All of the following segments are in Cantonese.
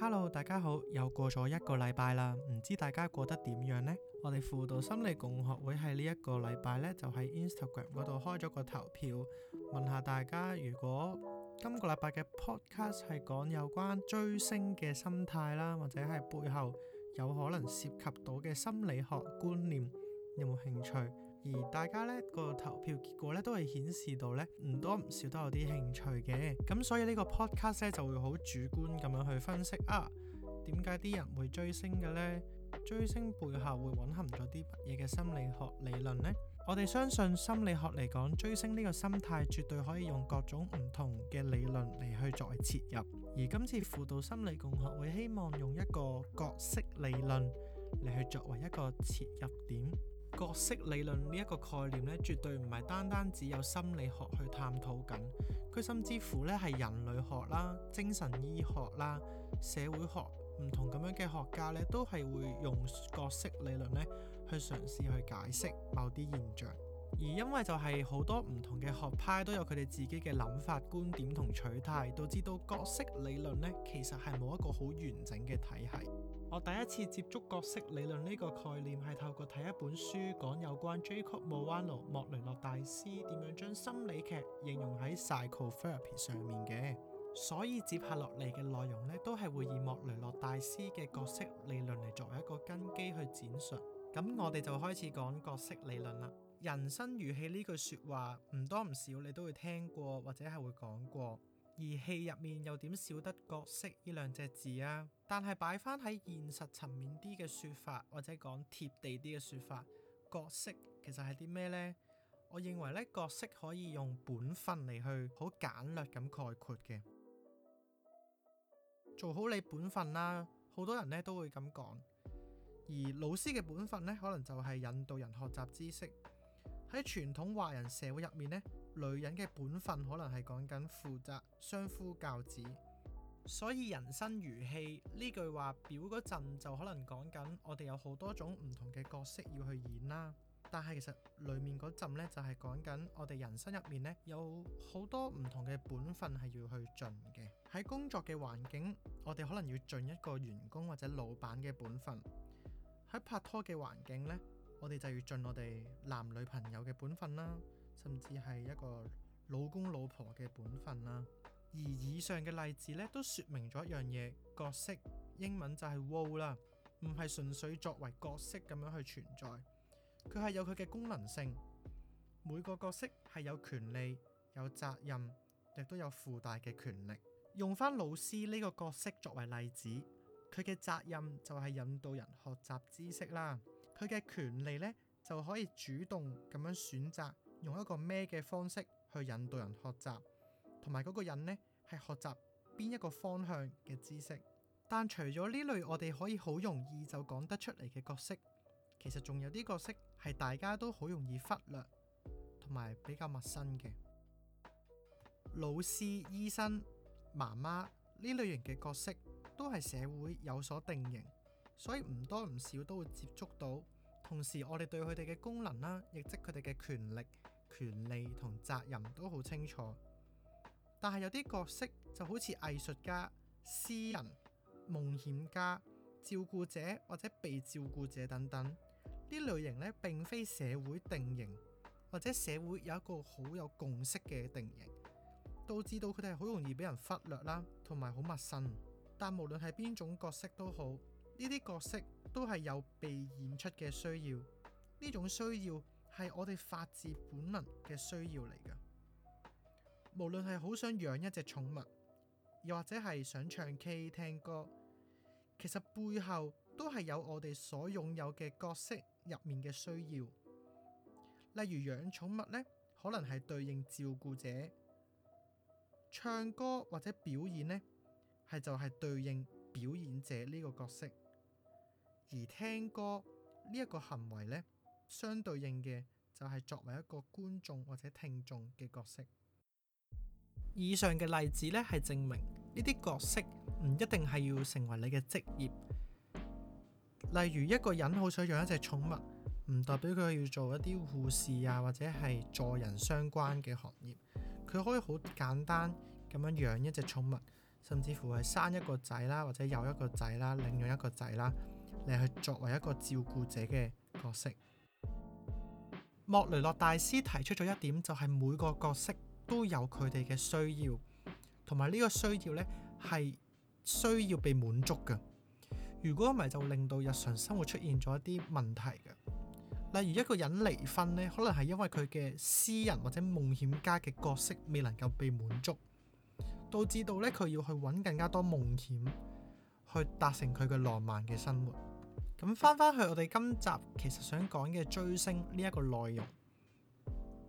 Hello，大家好，又過咗一個禮拜啦，唔知大家過得點樣呢？我哋輔導心理共學會喺呢一個禮拜咧，就喺 Instagram 嗰度開咗個投票，問下大家，如果今個禮拜嘅 Podcast 係講有關追星嘅心態啦，或者係背後有可能涉及到嘅心理學觀念，有冇興趣？而大家咧、呢個投票結果咧都係顯示到咧，唔多唔少都有啲興趣嘅，咁所以呢個 podcast 咧就會好主觀咁樣去分析啊，點解啲人會追星嘅呢？追星背後會藴含咗啲乜嘢嘅心理學理論呢？我哋相信心理學嚟講，追星呢個心態絕對可以用各種唔同嘅理論嚟去作為切入。而今次輔導心理共學會希望用一個角色理論嚟去作為一個切入點。角色理論呢一個概念咧，絕對唔係單單只有心理學去探討緊，佢甚至乎咧係人類學啦、精神醫學啦、社會學，唔同咁樣嘅學家咧，都係會用角色理論咧去嘗試去解釋某啲現象。而因為就係好多唔同嘅學派都有佢哋自己嘅諗法、觀點同取態，導致到角色理論呢其實係冇一個好完整嘅體系。我第一次接觸角色理論呢個概念係透過睇一本書講有關 Jacob Moreno 莫雷諾大師點樣將心理劇應用喺 psychotherapy 上面嘅，所以接下落嚟嘅內容呢，都係會以莫雷諾大師嘅角色理論嚟作為一個根基去展述。咁我哋就開始講角色理論啦。人生如戲呢句説話唔多唔少，你都會聽過或者係會講過。而戲入面又點少得角色呢兩隻字啊？但係擺翻喺現實層面啲嘅説法，或者講貼地啲嘅説法，角色其實係啲咩呢？我認為呢角色可以用本分嚟去好簡略咁概括嘅。做好你本分啦，好多人呢都會咁講。而老師嘅本分呢，可能就係引導人學習知識。喺傳統華人社會入面呢，女人嘅本分可能係講緊負責相夫教子。所以人生如戲呢句話表嗰陣就可能講緊我哋有好多種唔同嘅角色要去演啦。但係其實裡面嗰陣呢就係講緊我哋人生入面呢，有好多唔同嘅本分係要去盡嘅。喺工作嘅環境，我哋可能要盡一個員工或者老闆嘅本分。喺拍拖嘅環境呢，我哋就要盡我哋男女朋友嘅本分啦，甚至係一個老公老婆嘅本分啦。而以上嘅例子呢，都説明咗一樣嘢，角色英文就係 role 啦，唔係純粹作為角色咁樣去存在，佢係有佢嘅功能性。每個角色係有權利、有責任，亦都有附帶嘅權力。用翻老師呢個角色作為例子。佢嘅責任就係引導人學習知識啦，佢嘅權利呢，就可以主動咁樣選擇用一個咩嘅方式去引導人學習，同埋嗰個人呢，係學習邊一個方向嘅知識。但除咗呢類我哋可以好容易就講得出嚟嘅角色，其實仲有啲角色係大家都好容易忽略同埋比較陌生嘅，老師、醫生、媽媽呢類型嘅角色。都係社會有所定型，所以唔多唔少都會接觸到。同時，我哋對佢哋嘅功能啦，亦即佢哋嘅權力、權利同責任都好清楚。但係有啲角色就好似藝術家、詩人、夢險家、照顧者或者被照顧者等等。呢類型呢，並非社會定型或者社會有一個好有共識嘅定型，導致到佢哋好容易俾人忽略啦，同埋好陌生。但無論係邊種角色都好，呢啲角色都係有被演出嘅需要。呢種需要係我哋發自本能嘅需要嚟㗎。無論係好想養一隻寵物，又或者係想唱 K 聽歌，其實背後都係有我哋所擁有嘅角色入面嘅需要。例如養寵物呢，可能係對應照顧者；唱歌或者表演呢，係就係對應表演者呢個角色，而聽歌呢一個行為呢，相對應嘅就係作為一個觀眾或者聽眾嘅角色。以上嘅例子呢，係證明呢啲角色唔一定係要成為你嘅職業。例如一個人好想養一隻寵物，唔代表佢要做一啲護士啊，或者係助人相關嘅行業，佢可以好簡單咁樣養一隻寵物。甚至乎係生一個仔啦，或者有一個仔啦，領養一個仔啦，嚟去作為一個照顧者嘅角色。莫雷諾大師提出咗一點，就係每個角色都有佢哋嘅需要，同埋呢個需要呢係需要被滿足嘅。如果唔係，就令到日常生活出現咗一啲問題嘅。例如一個人離婚呢，可能係因為佢嘅私人或者夢險家嘅角色未能夠被滿足。導致到咧，佢要去揾更加多夢險去達成佢嘅浪漫嘅生活。咁翻返去我哋今集其實想講嘅追星呢一個內容，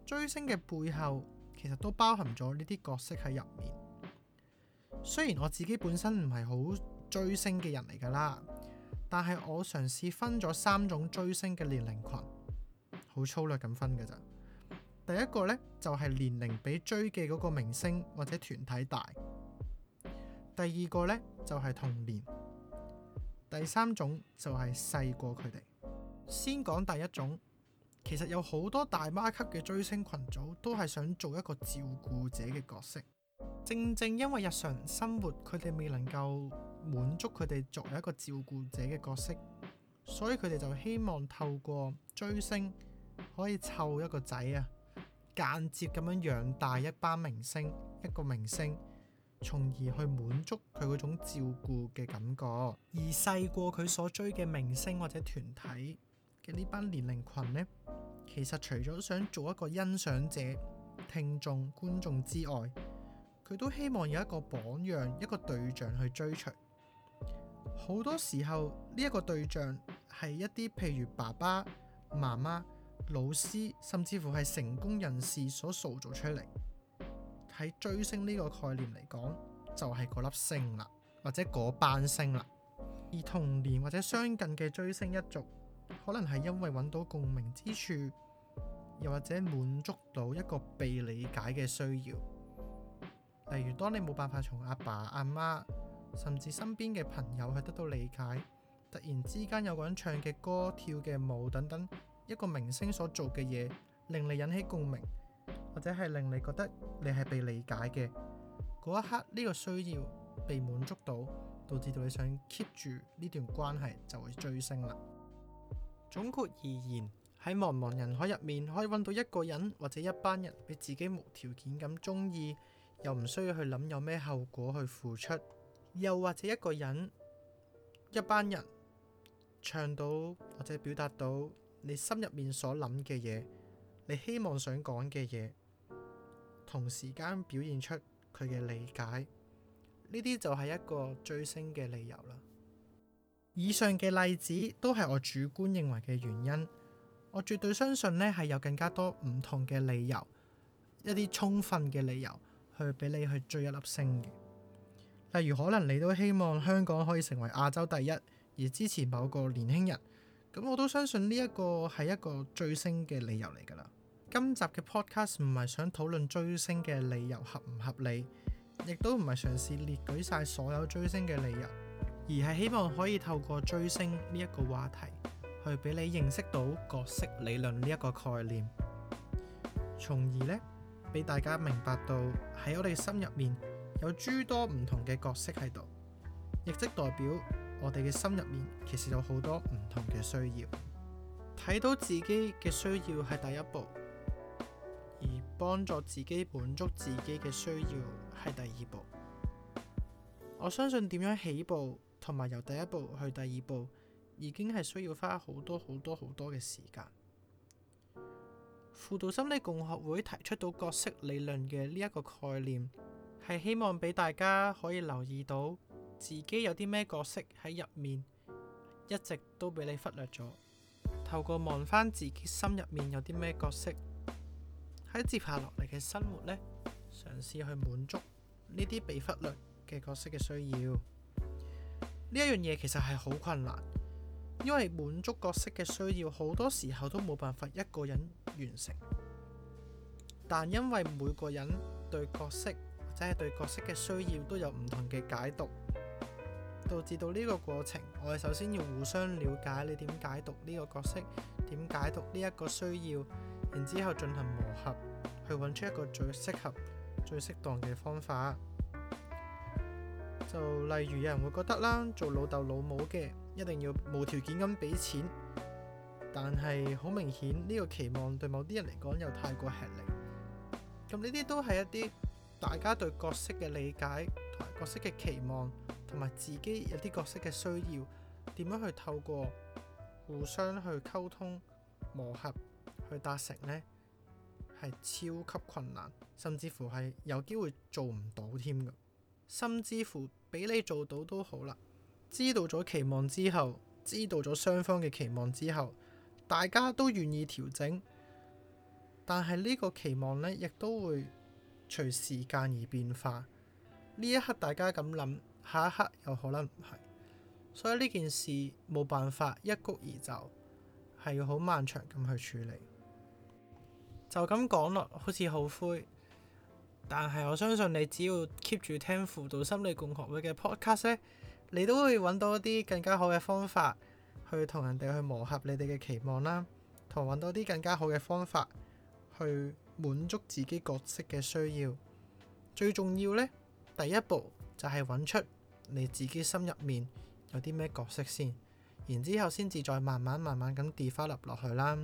追星嘅背後其實都包含咗呢啲角色喺入面。雖然我自己本身唔係好追星嘅人嚟㗎啦，但係我嘗試分咗三種追星嘅年齡群，好粗略咁分㗎咋。第一個咧就係、是、年齡比追嘅嗰個明星或者團體大。第二個咧就係、是、童年。第三種就係細過佢哋。先講第一種，其實有好多大媽級嘅追星群組都係想做一個照顧者嘅角色。正正因為日常生活佢哋未能夠滿足佢哋作為一個照顧者嘅角色，所以佢哋就希望透過追星可以湊一個仔啊。間接咁樣養大一班明星，一個明星，從而去滿足佢嗰種照顧嘅感覺。而細過佢所追嘅明星或者團體嘅呢班年齡群呢，其實除咗想做一個欣賞者、聽眾、觀眾之外，佢都希望有一個榜樣、一個對象去追隨。好多時候呢一個對象係一啲譬如爸爸媽媽。老師甚至乎係成功人士所塑造出嚟。喺追星呢個概念嚟講，就係嗰粒星啦，或者嗰班星啦。而童年或者相近嘅追星一族，可能係因為揾到共鳴之處，又或者滿足到一個被理解嘅需要。例如，當你冇辦法從阿爸、阿媽甚至身邊嘅朋友去得到理解，突然之間有個人唱嘅歌、跳嘅舞等等。一個明星所做嘅嘢，令你引起共鳴，或者係令你覺得你係被理解嘅嗰一刻，呢個需要被滿足到，導致到你想 keep 住呢段關係，就會追星啦。總括而言，喺茫茫人海入面，可以揾到一個人或者一班人，俾自己無條件咁中意，又唔需要去諗有咩後果去付出，又或者一個人一班人唱到或者表達到。你心入面所諗嘅嘢，你希望想講嘅嘢，同時間表現出佢嘅理解，呢啲就係一個追星嘅理由啦。以上嘅例子都係我主觀認為嘅原因，我絕對相信呢係有更加多唔同嘅理由，一啲充分嘅理由去俾你去追一粒星嘅。例如，可能你都希望香港可以成為亞洲第一，而支持某個年輕人。咁我都相信呢一個係一個追星嘅理由嚟㗎啦。今集嘅 podcast 唔係想討論追星嘅理由合唔合理，亦都唔係嘗試列舉晒所有追星嘅理由，而係希望可以透過追星呢一個話題，去俾你認識到角色理論呢一個概念，從而呢，俾大家明白到喺我哋心入面有諸多唔同嘅角色喺度，亦即代表。我哋嘅心入面其實有好多唔同嘅需要，睇到自己嘅需要係第一步，而幫助自己滿足自己嘅需要係第二步。我相信點樣起步同埋由第一步去第二步，已經係需要花好多好多好多嘅時間。輔導心理共學會提出到角色理論嘅呢一個概念，係希望俾大家可以留意到。自己有啲咩角色喺入面，一直都俾你忽略咗。透過望返自己心入面有啲咩角色，喺接下落嚟嘅生活呢，嘗試去滿足呢啲被忽略嘅角色嘅需要。呢一樣嘢其實係好困難，因為滿足角色嘅需要，好多時候都冇辦法一個人完成。但因為每個人對角色或者係對角色嘅需要都有唔同嘅解讀。導致到呢個過程，我哋首先要互相了解，你點解讀呢個角色，點解讀呢一個需要，然之後進行磨合，去揾出一個最適合、最適當嘅方法。就例如有人會覺得啦，做老豆老母嘅一定要無條件咁俾錢，但係好明顯呢個期望對某啲人嚟講又太過吃力。咁呢啲都係一啲大家對角色嘅理解同埋角色嘅期望。同埋自己有啲角色嘅需要，點樣去透過互相去溝通磨合去達成呢？係超級困難，甚至乎係有機會做唔到添嘅。甚至乎俾你做到都好啦。知道咗期望之後，知道咗雙方嘅期望之後，大家都願意調整，但係呢個期望呢，亦都會隨時間而變化。呢一刻大家咁諗。下一刻又可能唔係，所以呢件事冇辦法一蹴而就，係要好漫長咁去處理。就咁講落好似好灰，但係我相信你只要 keep 住聽輔導心理共學會嘅 podcast，你都會揾到一啲更加好嘅方法去同人哋去磨合你哋嘅期望啦，同揾到啲更加好嘅方法去滿足自己角色嘅需要。最重要呢，第一步就係揾出，你自己心入面有啲咩角色先，然之後先至再慢慢慢慢咁 develop 落去啦。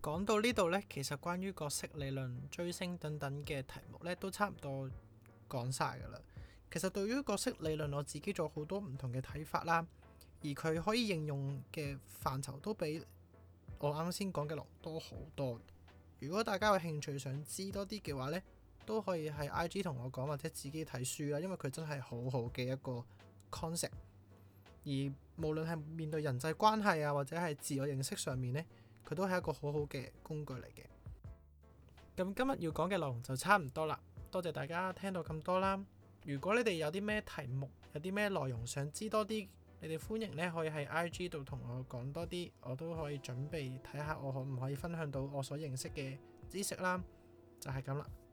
講到呢度呢，其實關於角色理論、追星等等嘅題目呢，都差唔多講晒㗎喇。其實對於角色理論，我自己做好多唔同嘅睇法啦，而佢可以應用嘅範疇都比我啱先講嘅多好多。如果大家有興趣想知多啲嘅話呢，都可以喺 IG 同我講，或者自己睇書啦。因為佢真係好好嘅一個 concept，而無論係面對人際關係啊，或者係自我認識上面呢，佢都係一個好好嘅工具嚟嘅。咁今日要講嘅內容就差唔多啦，多謝大家聽到咁多啦。如果你哋有啲咩題目，有啲咩內容想知多啲，你哋歡迎呢可以喺 IG 度同我講多啲，我都可以準備睇下，我可唔可以分享到我所認識嘅知識啦。就係咁啦。